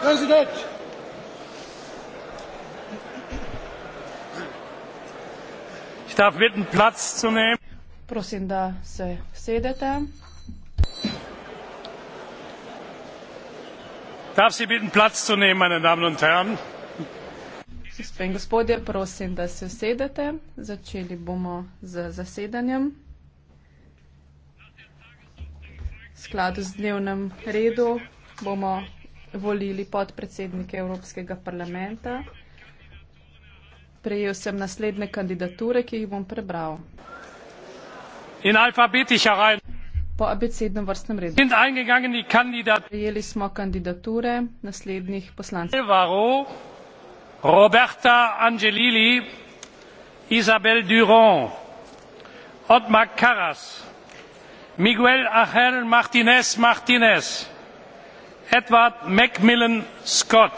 President, ich darf bitten, Platz zu nehmen. Prosim, da se sedete. Darf Sie bitten, Platz zu nehmen, meine Damen und Herren? Gospe in gospodje, prosim, da se sedete. Začeli bomo z zasedanjem. V skladu z dnevnem redu bomo volili podpredsednike Evropskega parlamenta. Prejel sem naslednje kandidature, ki jih bom prebral. In alfabetiča raj. Po abecednem vrstnem redu. In eingegangeni kandidat. Prejeli smo kandidature naslednjih poslancev. Alvaro, Roberta Angelili, Isabel Durand, Otmar Karas, Miguel Ahel Martinez Martinez edward mcmillan scott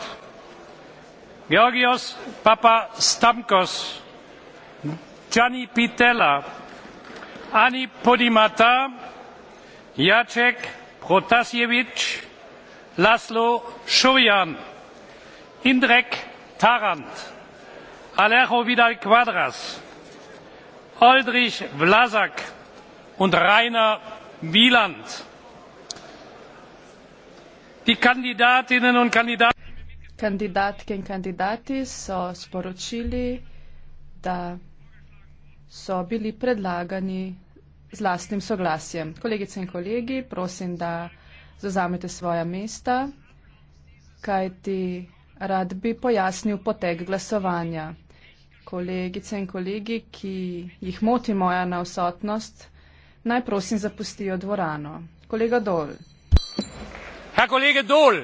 georgios papastamkos gianni pittella anni podimata jacek protasiewicz lszl surjn indrek tarand alejo vidal quadras oldrich vlasak und rainer wieland. Kandidatke in kandidati so sporočili, da so bili predlagani z lastnim soglasjem. Kolegice in kolegi, prosim, da zazamete svoja mesta, kajti rad bi pojasnil potek glasovanja. Kolegice in kolegi, ki jih moti moja navsotnost, naj prosim zapustijo dvorano. Kolega Dol. Kolega Dol,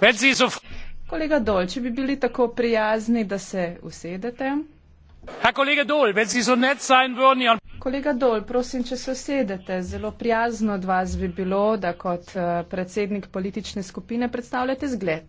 če bi bili tako prijazni, da se usedete. Kolega Dol, prosim, če se usedete. Zelo prijazno od vas bi bilo, da kot eh, predsednik politične skupine predstavljate zgled.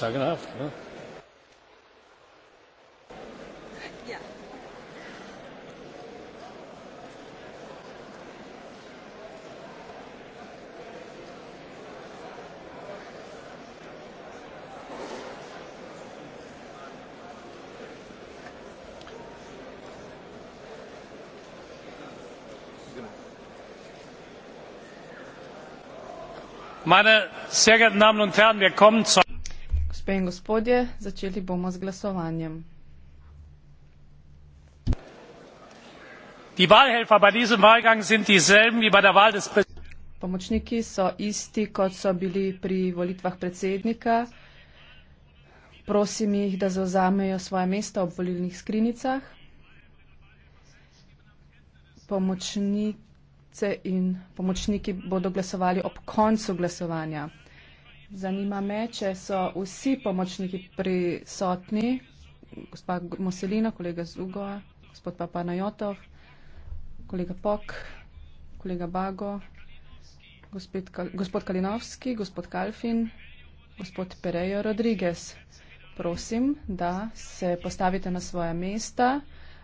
sagen auf. Ne? Ja. Meine sehr geehrten Damen und Herren, wir kommen zur Gospe in gospodje, začeli bomo z glasovanjem. Pomočniki so isti, kot so bili pri volitvah predsednika. Prosim jih, da zauzamejo svoje mesta ob volilnih skrinicah. Pomočnice in pomočniki bodo glasovali ob koncu glasovanja. Zanima me, če so vsi pomočniki prisotni, gospa Moselina, kolega Zugo, gospod Papanajotov, kolega Pok, kolega Bago, gospod, gospod Kalinovski, gospod Kalfin, gospod Perejo Rodriguez. Prosim, da se postavite na svoja mesta.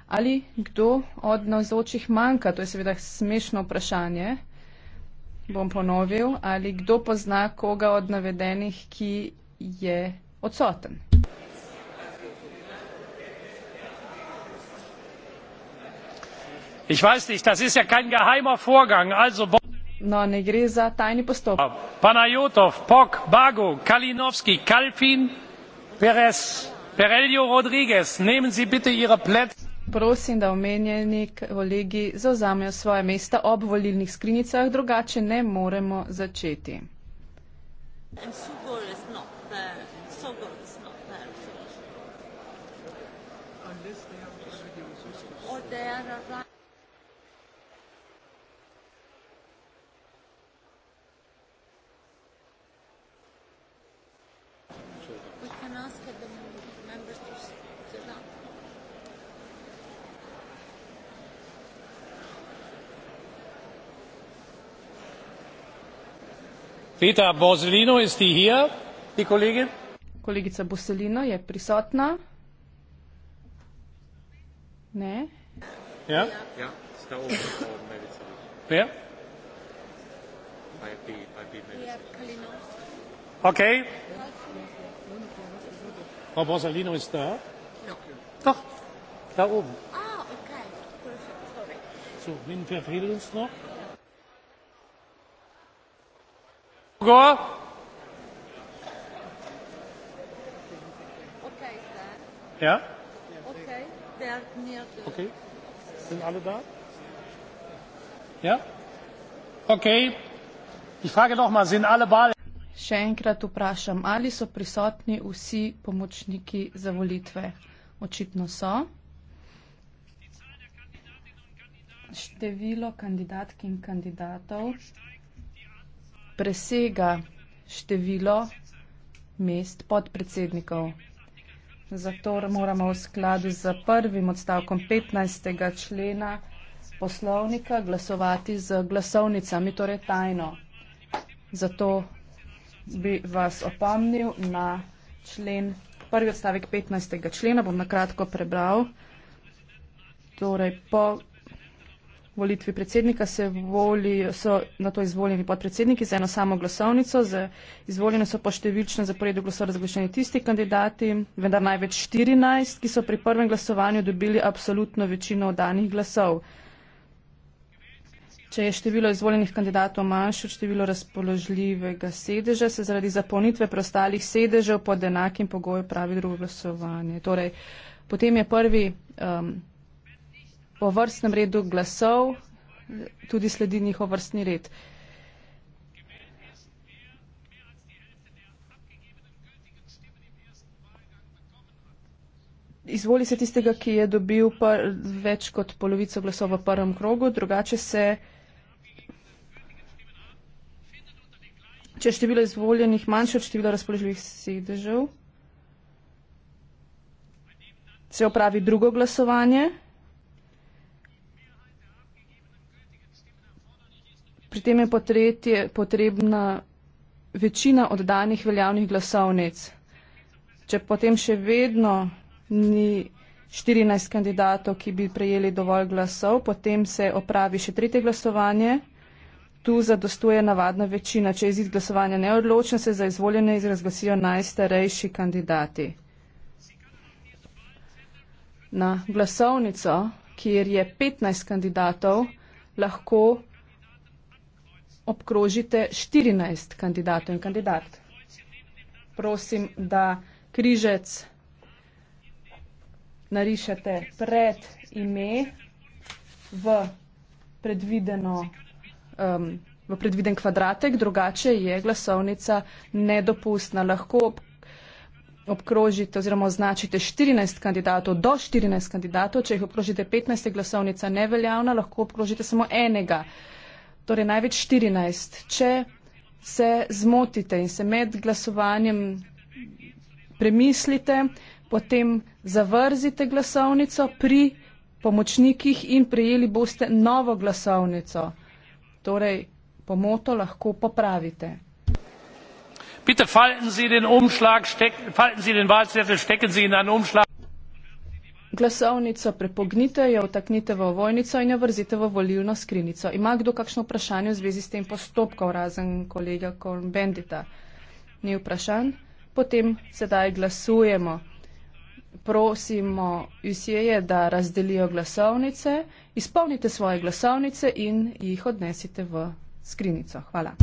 Ali kdo od navzočih manjka? To je seveda smešno vprašanje. Bom ponovil, ali kdo pozna koga od navedenih, ki je odsoten? Ich weiß nicht, das ist ja kein geheimer Vorgang. Also no, ne gre za tajni postopek. Ah, Panajotov, Pok, Bago, Kalinowski, Kalfin, Perez, Perelio Rodriguez, nehmen Sie bitte Ihre Plätze prosim, da omenjeni kolegi zauzamejo svoje mesta ob volilnih skrinicah, drugače ne moremo začeti. Oh, they are a Rita Borsellino, ist die hier, die Kollegin? Kollegica Borsellino je prisotna. Ne? Ja? Ja, ist da oben. Wer? Okay. Frau Borsellino ist da. Ja. Doch, da oben. Ah, okay. So, wen verfehlt uns noch? go. Okay, sir. Ja? Okay, wer mir Okay, sind alle da? Ja? Okay, ich frage nochmal, sind alle Wahl. Še enkrat vprašam, ali so prisotni vsi pomočniki za volitve? Očitno so. Število kandidatk in kandidatov presega število mest podpredsednikov. Zato moramo v skladu z prvim odstavkom 15. člena poslovnika glasovati z glasovnicami, torej tajno. Zato bi vas opomnil na člen, prvi odstavek 15. člena, bom nakratko prebral. Torej, po volitvi predsednika se volijo, so na to izvoljeni podpredsedniki za eno samo glasovnico. Za, izvoljene so po številčnem zaporedu glasov razglašeni tisti kandidati, vendar največ 14, ki so pri prvem glasovanju dobili absolutno večino danih glasov. Če je število izvoljenih kandidatov manjše od število razpoložljivega sedeža, se zaradi zapolnitve preostalih sedežev pod enakim pogojem pravi drugo glasovanje. Torej, potem je prvi. Um, po vrstnem redu glasov tudi sledi njihov vrstni red. Izvoli se tistega, ki je dobil pr, več kot polovico glasov v prvem krogu, drugače se. Če je število izvoljenih manjše od števila razpoložljivih sedežev, se opravi drugo glasovanje. Pri tem je potretje, potrebna večina oddanih veljavnih glasovnic. Če potem še vedno ni 14 kandidatov, ki bi prejeli dovolj glasov, potem se opravi še tretje glasovanje. Tu zadostuje navadna večina. Če je izid glasovanja neodločen, se za izvoljene izrazglasijo najstarejši kandidati. Na glasovnico, kjer je 15 kandidatov, lahko obkrožite 14 kandidatov in kandidat. Prosim, da križec narišete pred ime v predvideno um, v predviden kvadratek, drugače je glasovnica nedopustna. Lahko obkrožite oziroma označite 14 kandidatov do 14 kandidatov, če jih obkrožite 15, je glasovnica neveljavna, lahko obkrožite samo enega. Uh, torej največ 14. Če se zmotite in se med glasovanjem premislite, potem zavrzite glasovnico pri pomočnikih in prejeli boste novo glasovnico. Torej, pomoto lahko popravite. Bitte falten Sie den Umschlag, stecken, falten Sie den Wahlzettel, stecken Sie ihn in einen Umschlag glasovnico, prepognite jo, vtaknite v ovojnico in jo vrzite v volilno skrinico. Ima kdo kakšno vprašanje v zvezi s tem postopkom, razen kolega Kornbendita? Ni vprašanj? Potem sedaj glasujemo. Prosimo vsije, da razdelijo glasovnice, izpolnite svoje glasovnice in jih odnesite v skrinico. Hvala.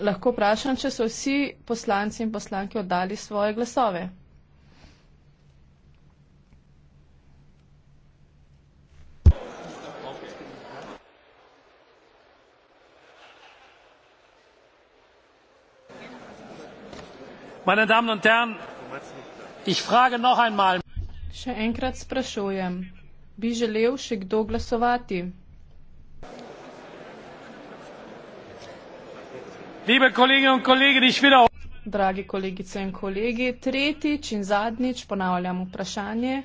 Lahko vprašam, če so vsi poslanci in poslanke oddali svoje glasove? Meine Damen und Herren, ich frage noch einmal. Še enkrat sprašujem, bi želel še kdo glasovati? Dragi kolegice in kolegi, tretjič in zadnjič ponavljam vprašanje,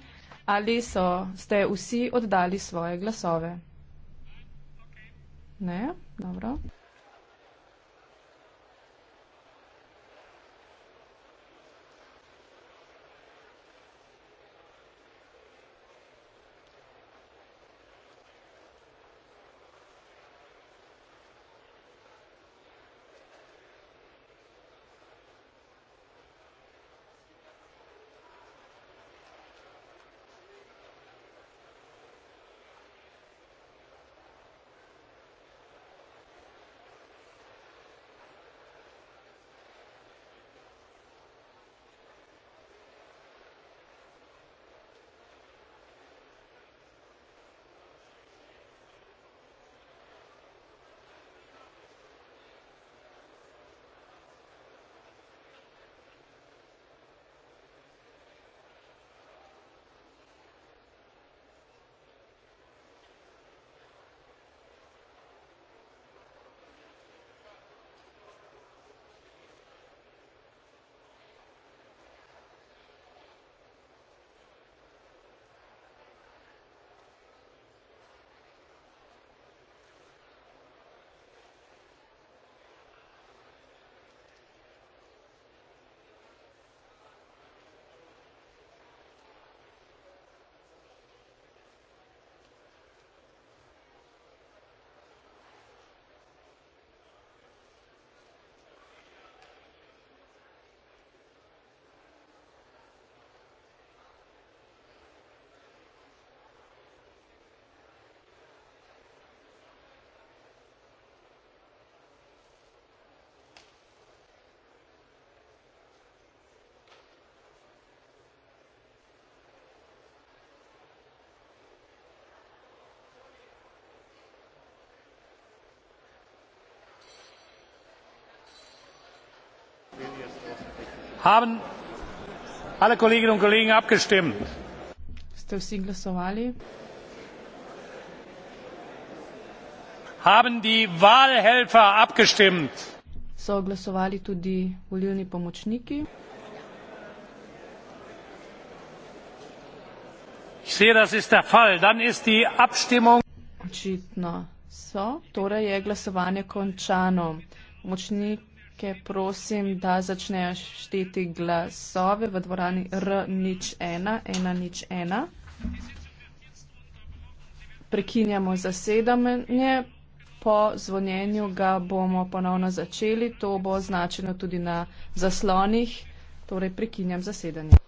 ali so ste vsi oddali svoje glasove? Ne? Dobro. haben alle kolleginnen und kollegen abgestimmt? haben die wahlhelfer abgestimmt? So glasovali tudi volilni pomočniki. Ich sehe, das ist der Fall. Dann ist die Abstimmung. Očitno so, torej je glasovanje končano. Močnik številke, prosim, da začnejo šteti glasove v dvorani R01, 101. Prekinjamo zasedanje, po zvonjenju ga bomo ponovno začeli, to bo označeno tudi na zaslonih, torej prekinjam zasedanje.